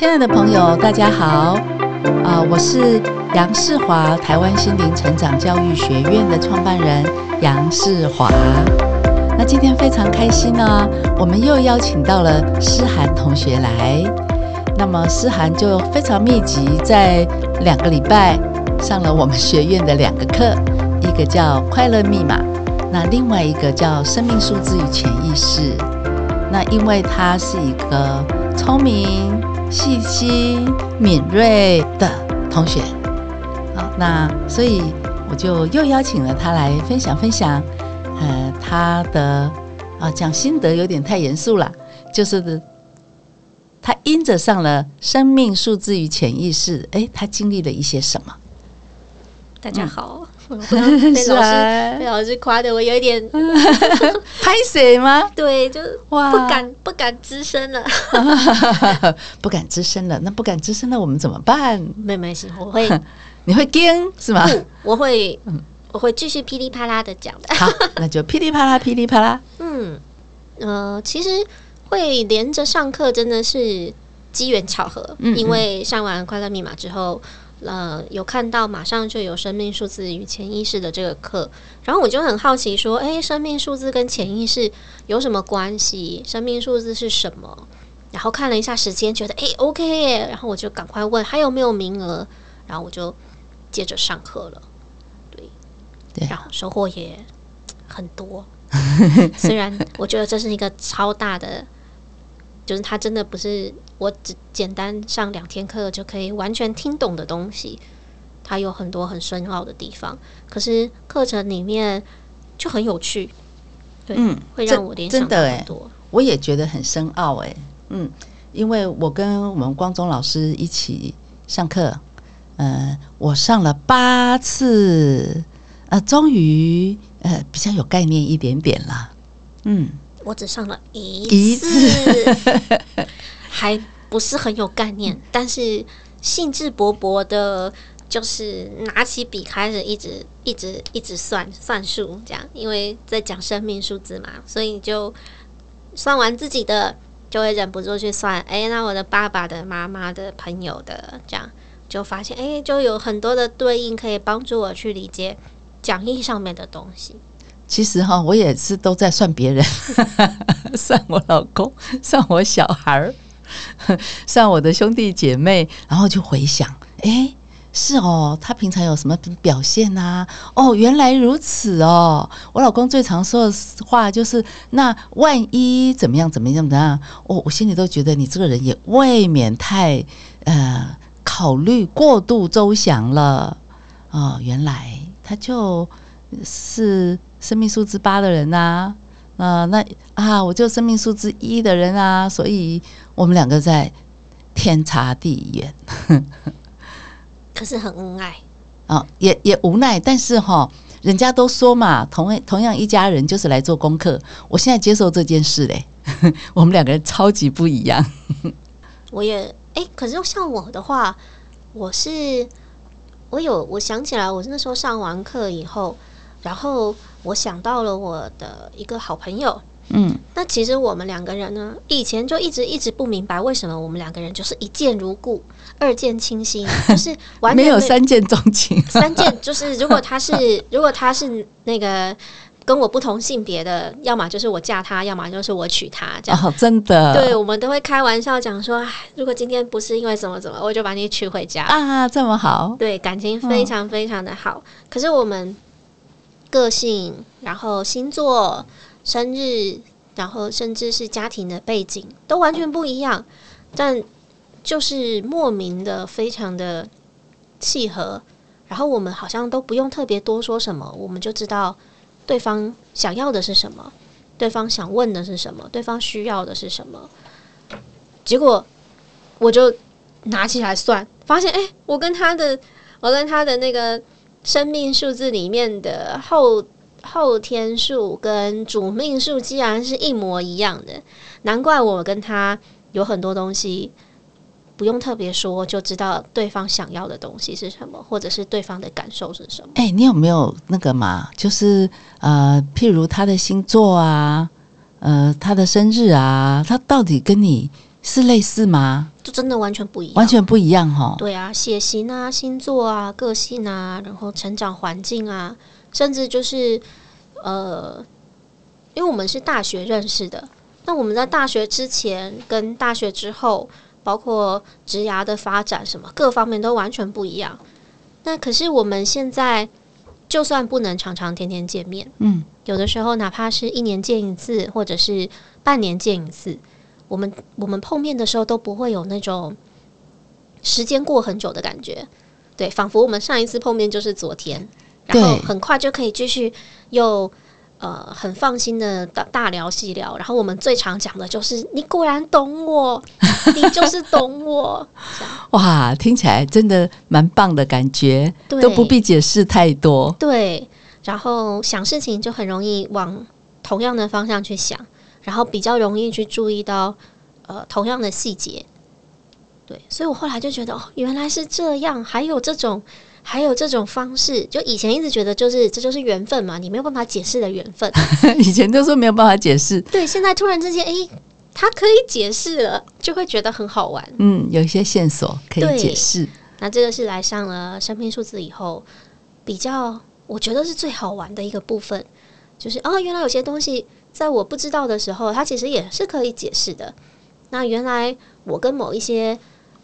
親愛的朋友，大家好！啊、呃，我是楊世華，台灣心靈成長教育學院的創辦人楊世華。那今天非常開心呢、哦，我們又邀請到了詩涵同學來。那麼詩涵就非常密集，在兩個禮拜上了我們學院的兩個課，一個叫《快樂密碼》，那另外一個叫《生命數字與潛意識》。那因為他是一個聰明。細心、敏銳的同學，好，那所以我就又邀請了他來分享分享，呃，他的啊講心得有點太嚴肅了，就是他因着上了《生命數字與潛意識》，哎，他經歷了一些什麼？大家好。嗯我被老師、啊、被老師誇的我有一點拍誰嗎？ 對，就是哇，不敢身了 不敢吱聲了，不敢吱聲了。那不敢吱聲了，我們怎麼辦？沒關係，我會， 你會驚是嗎、嗯？我會，嗯、我會繼續噼里啪啦的講的。 好，那就噼里啪啦，噼里啪啦。嗯呃，其實會連着上課真的是機緣巧合，嗯嗯因為上完《快樂密碼》之後。呃、嗯，有看到馬上就有生命數字與潛意識的這個課，然後我就很好奇說，哎，生命數字跟潛意識有什麼關係？生命數字是什麼？然後看了一下時間，覺得哎，OK，然後我就趕快問還有沒有名額，然後我就接着上課了，對，對，然後收穫也很多。 雖然我覺得這是一個超大的。就是它真的不是我只簡單上兩天課就可以完全聽懂的東西，它有很多很深奧的地方。可是課程裡面就很有趣，對，嗯、會讓我聯想到很多真的、欸。我也覺得很深奧誒、欸，嗯，因為我跟我們光宗老師一起上課，嗯、呃，我上了八次，呃，終於呃比較有概念一點點了，嗯。我只上了一次，還不是很有概念， 但是興致勃勃的，就是拿起筆開始一直一直一直算算數，這樣，因為在講生命數字嘛，所以就算完自己的，就會忍不住去算，哎、欸，那我的爸爸的媽媽的朋友的，這樣就發現，哎、欸，就有很多的對應可以幫助我去理解講義上面的東西。其實哈，我也是都在算別人， 算我老公，算我小孩兒，算我的兄弟姐妹，然後就回想，哎，是哦，他平常有什麼表現啊？哦，原來如此哦。我老公最常說的話就是：那萬一怎麼樣怎麼樣怎麼樣？我、哦、我心裡都覺得你這個人也未免太呃考慮過度周詳了哦，原來他就是。生命數字八的人吶，啊，呃、那啊，我就生命數字一的人啊，所以我們兩個在天差地遠，可是很恩愛啊、哦，也也無奈，但是哈、哦，人家都說嘛，同同樣一家人就是來做功課，我現在接受這件事嘞，我們兩個人超級不一樣，我也哎、欸，可是像我的話，我是我有，我想起來，我是那時候上完課以後。然後我想到了我的一個好朋友，嗯，那其實我們兩個人呢，以前就一直一直不明白為什麼我們兩個人就是一見如故，二見傾心，就是完全沒，沒有三見鍾情。三見就是如果他是 如果他是那個跟我不同性別的，要麼就是我嫁他，要麼就是我娶他，這樣、哦、真的。對，我們都會開玩笑講說，哎，如果今天不是因為怎麼怎麼，我就把你娶回家啊，這麼好，對，感情非常非常的好。嗯、可是我們。個性，然後星座、生日，然後甚至是家庭的背景都完全不一樣，但就是莫名的非常的契合。然後我們好像都不用特別多說什麼，我們就知道對方想要的是什麼，對方想問的是什麼，對方需要的是什麼。結果我就拿起來算，發現誒，我跟他的，我跟他的那個。生命數字裡面的後後天數跟主命數竟然是一模一樣的，難怪我跟他有很多東西不用特別說就知道對方想要的東西是什麼，或者是對方的感受是什麼。哎、欸，你有沒有那個嘛？就是呃，譬如他的星座啊，呃，他的生日啊，他到底跟你是類似嗎？真的完全不一樣，完全不一樣哈哦。對啊，血型啊、星座啊、個性啊，然後成長環境啊，甚至就是呃，因為我們是大學認識的，那我們在大學之前跟大學之後，包括職涯的發展，什麼各方面都完全不一樣。那可是我們現在就算不能常常天天見面，嗯，有的時候哪怕是一年見一次，或者是半年見一次。我們我們碰面的時候都不會有那種時間過很久的感覺，對，仿佛我們上一次碰面就是昨天，然後很快就可以繼續又呃很放心的大大聊細聊，然後我們最常講的就是你果然懂我， 你就是懂我，哇，聽起來真的蠻棒的感覺，對都不必解釋太多，對，然後想事情就很容易往同樣的方向去想。然後比較容易去注意到，呃，同樣的細節，對，所以我後來就覺得哦，原來是這樣，還有這種，還有這種方式。就以前一直覺得，就是這就是緣分嘛，你沒有辦法解釋的緣分。 以前就是沒有辦法解釋，對，現在突然之間，誒，他可以解釋了，就會覺得很好玩。嗯，有一些線索可以解釋。那這個是來上了生命數字以後比較，我覺得是最好玩的一個部分，就是哦，原來有些東西。在我不知道的時候，他其實也是可以解釋的。那原來我跟某一些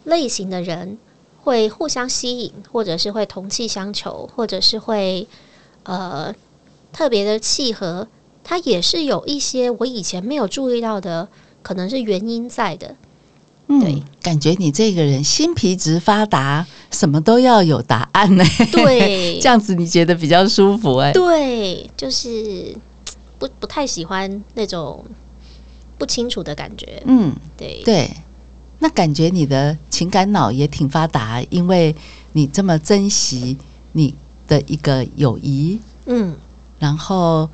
類型的人會互相吸引，或者是會同氣相求，或者是會呃特別的契合。他也是有一些我以前沒有注意到的，可能是原因在的。對，嗯、感覺你這個人心皮質發達，什麼都要有答案呢？欸？對， 這樣子你覺得比較舒服哎，欸？對，就是。不不太喜歡那種不清楚的感覺，嗯，對對，那感覺你的情感腦也挺發達，因為你這麼珍惜你的一個友誼，嗯，然後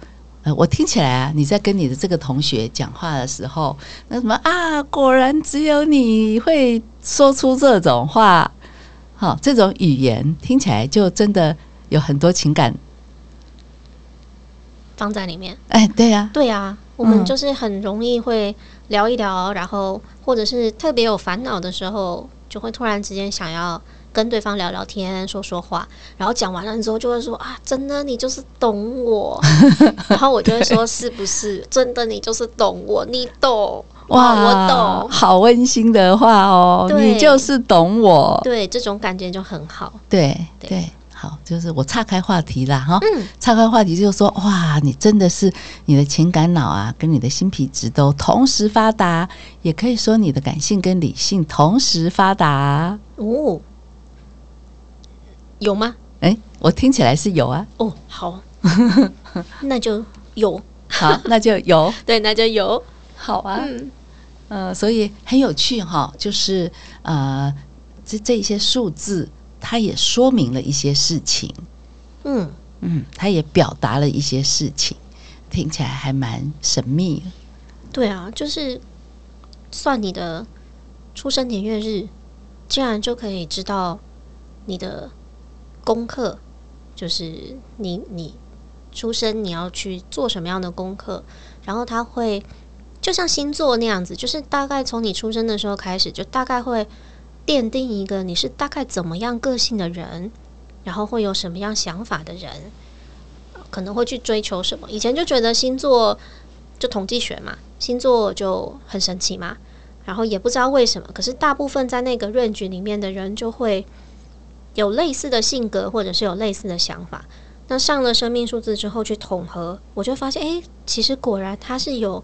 呃，我聽起來啊，你在跟你的這個同學講話的時候，那什麼啊，果然只有你會說出這種話，好，哦，這種語言聽起來就真的有很多情感。放在裡面，哎，對呀、啊，對呀、啊，我們就是很容易會聊一聊，嗯、然後或者是特別有煩惱的時候，就會突然之間想要跟對方聊聊天，說說話，然後講完了之後就會說啊，真的你就是懂我， 然後我就會說對是不是真的你就是懂我，你懂哇？哇，我懂，好溫馨的話哦，對你就是懂我，對，對這種感覺就很好，對對。對好，就是我岔開話題了哈。嗯、岔開話題就是說哇，你真的是你的情感腦啊，跟你的新皮質都同時發達，也可以說你的感性跟理性同時發達哦。有嗎？哎、欸，我聽起來是有啊。哦，好， 好，那就有。好，那就有。對，那就有。好啊。嗯、呃，所以很有趣哈，就是呃，這這一些數字。他也說明了一些事情，嗯嗯，他也表達了一些事情，聽起來還蠻神秘的。對啊，就是算你的出生年月日，竟然就可以知道你的功課，就是你你出生你要去做什麼樣的功課，然後他會就像星座那樣子，就是大概從你出生的時候開始，就大概會。奠定一個你是大概怎麼樣個性的人，然後會有什麼樣想法的人，可能會去追求什麼。以前就覺得星座就統計學嘛，星座就很神奇嘛，然後也不知道為什麼，可是大部分在那個 range 裡面的人就會有類似的性格，或者是有類似的想法。那上了生命數字之後去統合，我就發現，哎，其實果然它是有，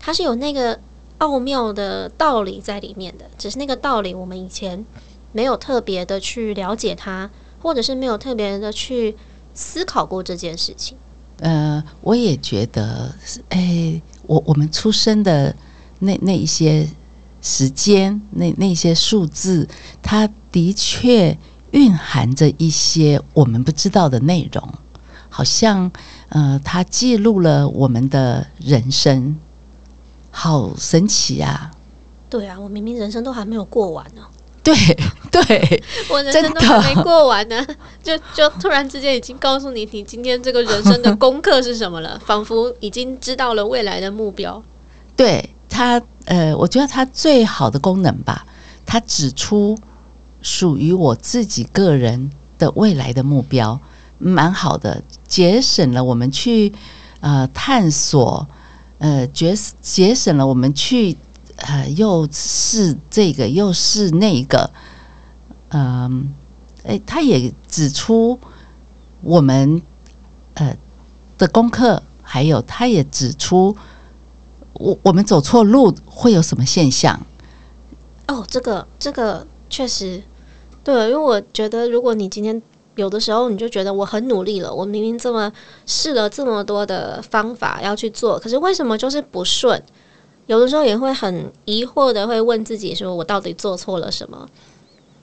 它是有那個。奧妙的道理在裡面的，只是那個道理，我們以前沒有特別的去了解它，或者是沒有特別的去思考過這件事情。呃，我也覺得，哎、欸，我我們出生的那那一些時間，那那些數字，它的確蘊含着一些我們不知道的內容，好像呃，它記錄了我們的人生。好神奇呀、啊！對啊，我明明人生都還沒有過完呢、哦。對對， 我人生都還沒過完呢，真的 就就突然之間已經告訴你，你今天這個人生的功課是什麼了， 仿佛已經知道了未來的目標。對它，呃，我覺得它最好的功能吧，它指出屬於我自己個人的未來的目標，蠻好的，節省了我們去呃探索。呃，節節省了我們去，呃，又是這個，又是那個，嗯、呃，哎，他也指出我們呃的功課，還有他也指出我我們走錯路會有什麼現象。哦，這個這個確實對，因為我覺得如果你今天。有的時候你就覺得我很努力了，我明明這麼試了這麼多的方法要去做，可是為什麼就是不順？有的時候也會很疑惑的，會問自己：說我到底做錯了什麼？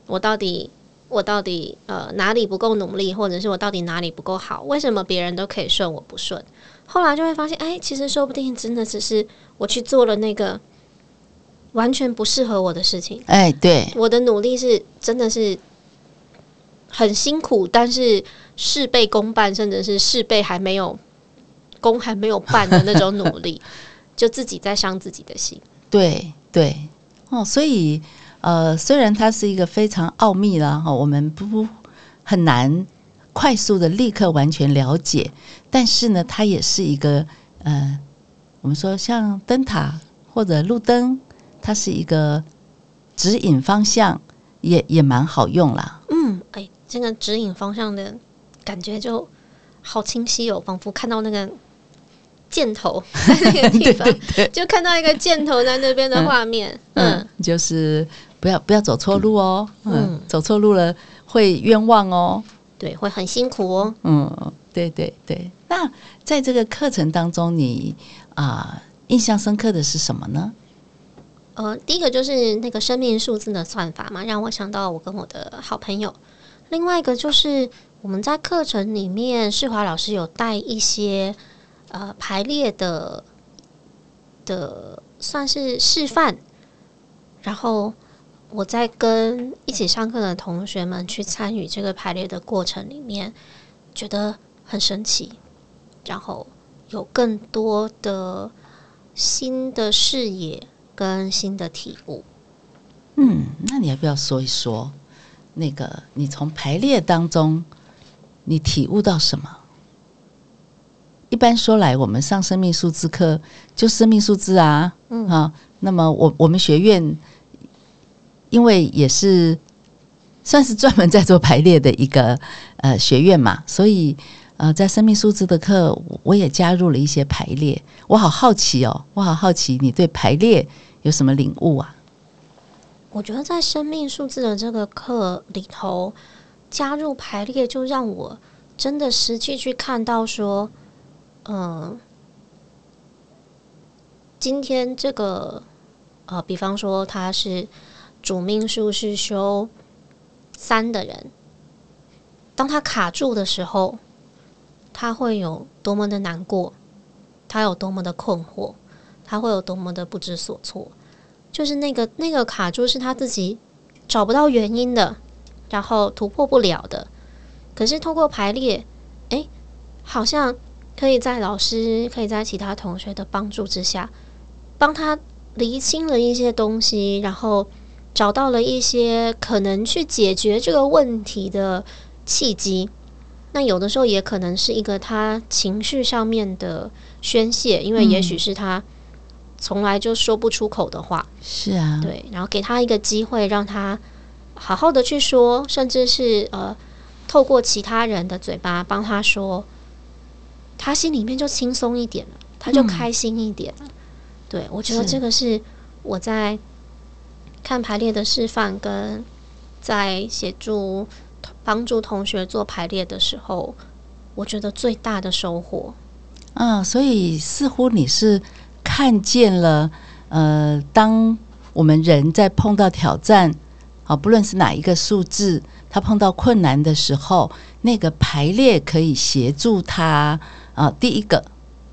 我到底我到底呃哪裡不夠努力，或者是我到底哪裡不夠好？為什麼別人都可以順，我不順？後來就會發現，哎，其實說不定真的只是我去做了那個完全不適合我的事情。哎，對，我的努力是真的是。很辛苦，但是事倍功半，甚至是事倍還沒有功還沒有半的那種努力， 就自己在傷自己的心。對對哦，所以呃，雖然它是一個非常奧秘啦，哈，我們不很難快速的立刻完全了解，但是呢，它也是一個呃，我們說像燈塔或者路燈，它是一個指引方向，也也蠻好用啦。嗯，哎、欸。這個指引方向的感覺就好清晰哦，仿佛看到那個箭頭在那個地方， 對對對，就看到一個箭頭在那邊的畫面。嗯，嗯嗯，就是不要不要走錯路哦，嗯，嗯，走錯路了會冤枉哦，嗯、對，會很辛苦哦。嗯，對對對。那在這個課程當中你，你啊印象深刻的是什麼呢？呃，第一個就是那個生命數字的算法嘛，讓我想到我跟我的好朋友。另外一個就是我們在課程裡面，世華老師有帶一些呃排列的的，算是示範。然後我在跟一起上課的同學們去參與這個排列的過程裡面，覺得很神奇，然後有更多的新的視野跟新的體悟。嗯，那你要不要說一說。那個，你從排列當中，你體悟到什麼？一般說來，我們上生命數字課就生命數字啊，嗯，啊，那麼我我們學院因為也是算是專門在做排列的一個呃學院嘛，所以呃，在生命數字的課我，我也加入了一些排列。我好好奇哦，我好好奇，你對排列有什麼領悟啊？我覺得在生命數字的這個課裡頭，加入排列，就讓我真的實際去看到說，嗯，今天這個，呃，比方說他是主命數是修三的人，當他卡住的時候，他會有多麼的難過，他有多麼的困惑，他會有多麼的不知所措。就是那個那個卡住是他自己找不到原因的，然後突破不了的。可是通過排列，哎、欸，好像可以在老師、可以在其他同學的幫助之下，幫他釐清了一些東西，然後找到了一些可能去解決這個問題的契機。那有的時候也可能是一個他情緒上面的宣洩，因為也許是他、嗯。從來就說不出口的話，是啊，對，然後給他一個機會，讓他好好的去說，甚至是呃，透過其他人的嘴巴幫他說，他心裡面就輕鬆一點了，他就開心一點。嗯，對，我覺得這個是我在看排列的示範，跟在協助幫是助同學做排列的時候，我覺得最大的收穫。嗯，啊，所以似乎你是。看見了，呃，當我們人在碰到挑戰，啊、呃，不論是哪一個數字，他碰到困難的時候，那個排列可以協助他，啊、呃，第一個，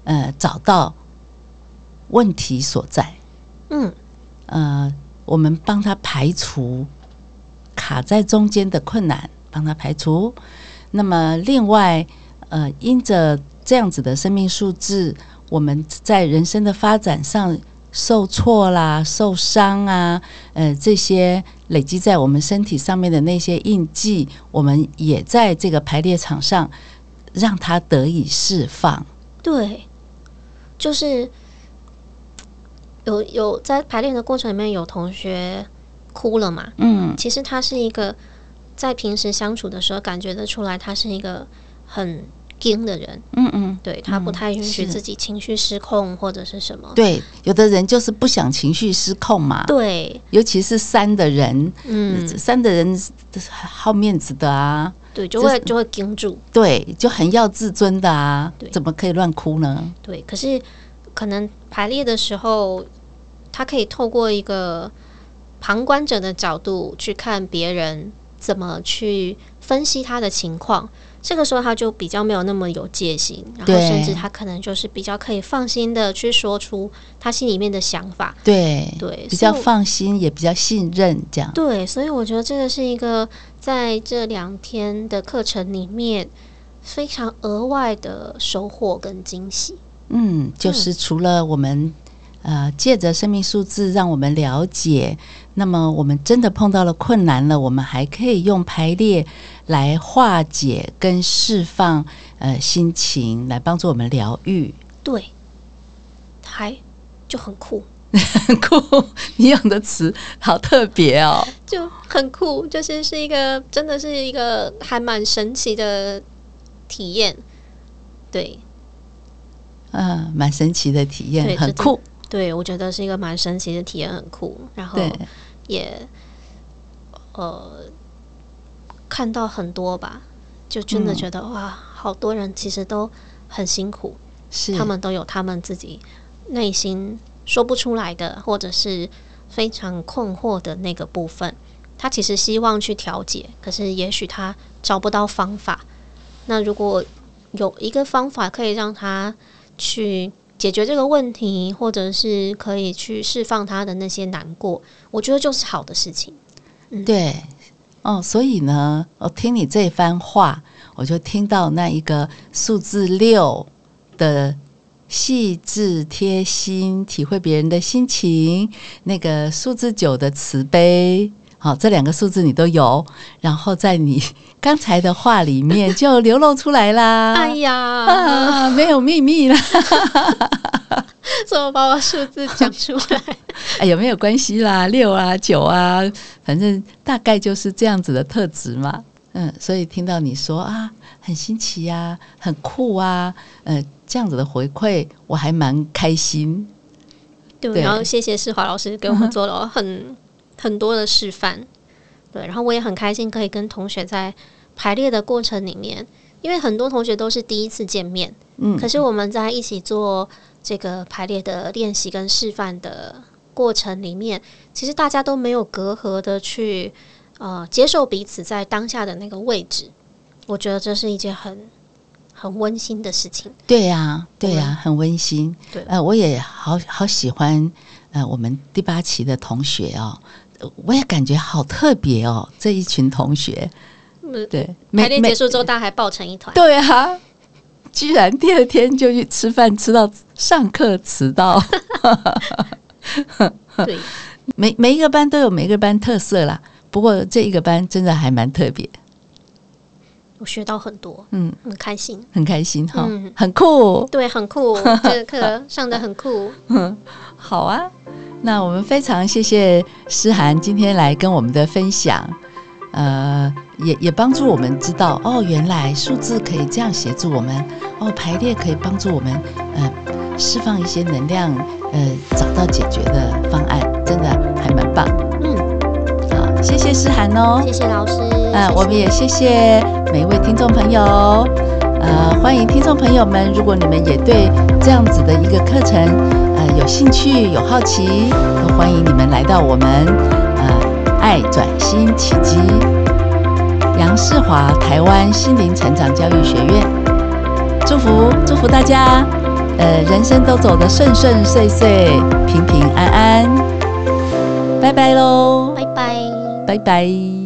呃，找到問題所在，嗯，呃，我們幫他排除卡在中間的困難，幫他排除。那麼另外，呃，因着這樣子的生命數字。我們在人生的發展上受挫啦、受傷啊，呃，這些累積在我們身體上面的那些印記，我們也在這個排列場上讓它得以釋放。對，就是有有在排列的過程裡面，有同學哭了嘛？嗯，其實他是一個在平時相處的時候感覺得出來，他是一個很。金的人，嗯嗯，對他不太允許自己情緒失控或者是什麼，對，有的人就是不想情緒失控嘛。對、嗯，尤其是三的人，嗯，三的人好面子的啊，對，就會就會盯住，對，就很要自尊的啊，對怎麼可以亂哭呢？對，可是可能排列的時候，他可以透過一個旁觀者的角度去看別人怎麼去分析他的情況。這個時候他就比較沒有那麼有戒心，對然後甚至他可能就是比較可以放心的去說出他心裡面的想法。對對，對比較放心以也比較信任這樣。對，所以我覺得這個是一個在這兩天的課程裡面非常額外的收穫跟驚喜。嗯，就是除了我們、嗯。呃，借着生命數字讓我們了解，那麼我們真的碰到了困難了，我們還可以用排列來化解跟釋放呃心情，來幫助我們療癒。對，還就很酷，很酷。你用的詞好特別哦，就很酷，就是是一個，真的是一個還蠻神奇的體驗。對，嗯、呃，蠻神奇的體驗，對很酷。對，我覺得是一個蠻神奇的體驗，體驗很酷。然後也對呃看到很多吧，就真的覺得、嗯、哇，好多人其實都很辛苦，是他們都有他們自己內心說不出來的，或者是非常困惑的那個部分。他其實希望去調節，可是也許他找不到方法。那如果有一個方法可以讓他去。解決這個問題，或者是可以去釋放他的那些難過，我覺得就是好的事情。嗯，對，哦，所以呢，我聽你這番話，我就聽到那一個數字六的細緻貼心，體會別人的心情，那個數字九的慈悲。好、哦，這兩個數字你都有，然後在你剛才的話裡面就流露出來啦。哎呀，啊、 沒有秘密啦， 怎麼把我數字講出來？哎，有沒有關係啦？六啊，九啊，反正大概就是這樣子的特質嘛。嗯，所以聽到你說啊，很新奇啊，很酷啊，嗯、呃，這樣子的回饋我還蠻開心。對，對然後謝謝世華老師給我們做了很、嗯。很多的示範，對，然後我也很開心可以跟同學在排列的過程裡面，因為很多同學都是第一次見面，嗯，可是我們在一起做這個排列的練習跟示範的過程裡面，其實大家都沒有隔閡的去呃接受彼此在當下的那個位置，我覺得這是一件很很溫馨的事情。對呀，對呀，嗯，很溫馨。對，呃，我也好好喜歡呃我們第八期的同學哦。我也感覺好特別哦，這一群同學，呃、對，排練結束之後大家還抱成一團，對啊，居然第二天就去吃飯吃到上課遲到， 對，每每一個班都有每一個班特色啦，不過這一個班真的還蠻特別，我學到很多，嗯，很開心，很開心哈、哦，嗯、很酷，對，很酷， 這個課上得很酷，嗯， 好啊。那我們非常謝謝詩涵今天來跟我們的分享，呃，也也幫助我們知道哦，原來數字可以這樣協助我們，哦，排列可以幫助我們，呃，釋放一些能量，呃，找到解決的方案，真的還蠻棒。嗯，好，啊，謝謝詩涵哦，謝謝老師，嗯，我們也謝謝每一位聽眾朋友。呃，歡迎聽眾朋友們，如果你們也對這樣子的一個課程，呃，有興趣、有好奇，都歡迎你們來到我們，呃，愛轉心奇蹟，楊世華，台灣心靈成長教育學院。祝福祝福大家，呃，人生都走得順順遂遂，平平安安。拜拜嘍！拜拜！拜拜！拜拜。